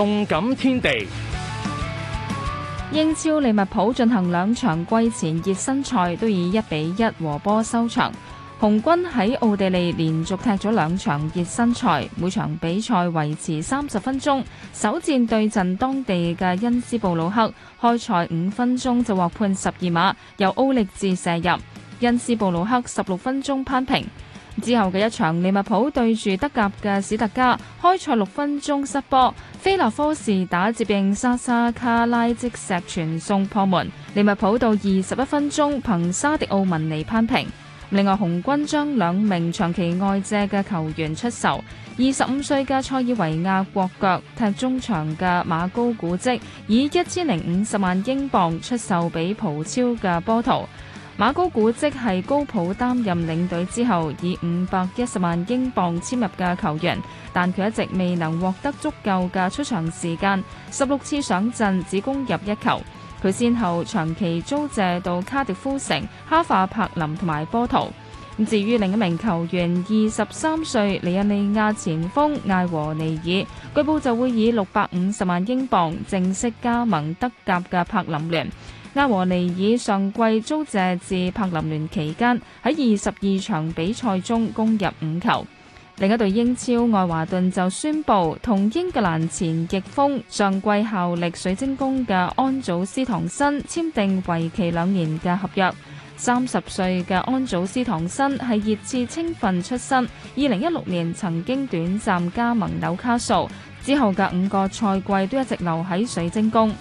動感天地，英超利物浦進行兩場季前熱身賽，都以一比一和波收場。紅軍喺奧地利連續踢咗兩場熱身賽，每場比賽維持三十分鐘。首戰對陣當地嘅因斯布魯克，開賽五分鐘就獲判十二碼，由奧歷治射入，因斯布魯克十六分鐘扳平。之後嘅一場利物浦對住德甲嘅史特加，開賽六分鐘失波，菲洛科士打接應沙沙卡拉積石傳送破門，利物浦到二十一分鐘憑沙迪奧文尼扳平。另外紅軍將兩名長期外借嘅球員出售，二十五歲嘅塞爾維亞國腳踢中場嘅馬高古積以一千零五十萬英鎊出售俾葡超嘅波圖。馬高古積係高普擔任領隊之後，以五百一十萬英鎊簽入嘅球員，但佢一直未能獲得足夠嘅出場時間，十六次上陣只攻入一球。佢先後長期租借到卡迪夫城、哈化柏林同埋波圖。咁至於另一名球員，二十三歲尼日利亞前鋒艾禾尼爾，據報就會以六百五十萬英鎊正式加盟德甲嘅柏林聯。艾禾尼爾上季租借至柏林聯期間喺二十二場比賽中攻入五球。另一隊英超愛華頓就宣布同英格蘭前翼鋒，上季效力水晶宮嘅安祖斯唐森簽訂為期兩年嘅合約。三十歲嘅安祖斯唐森係熱刺青訓出身，二零一六年曾經短暫加盟紐卡素，之後嘅五個賽季都一直留喺水晶宮。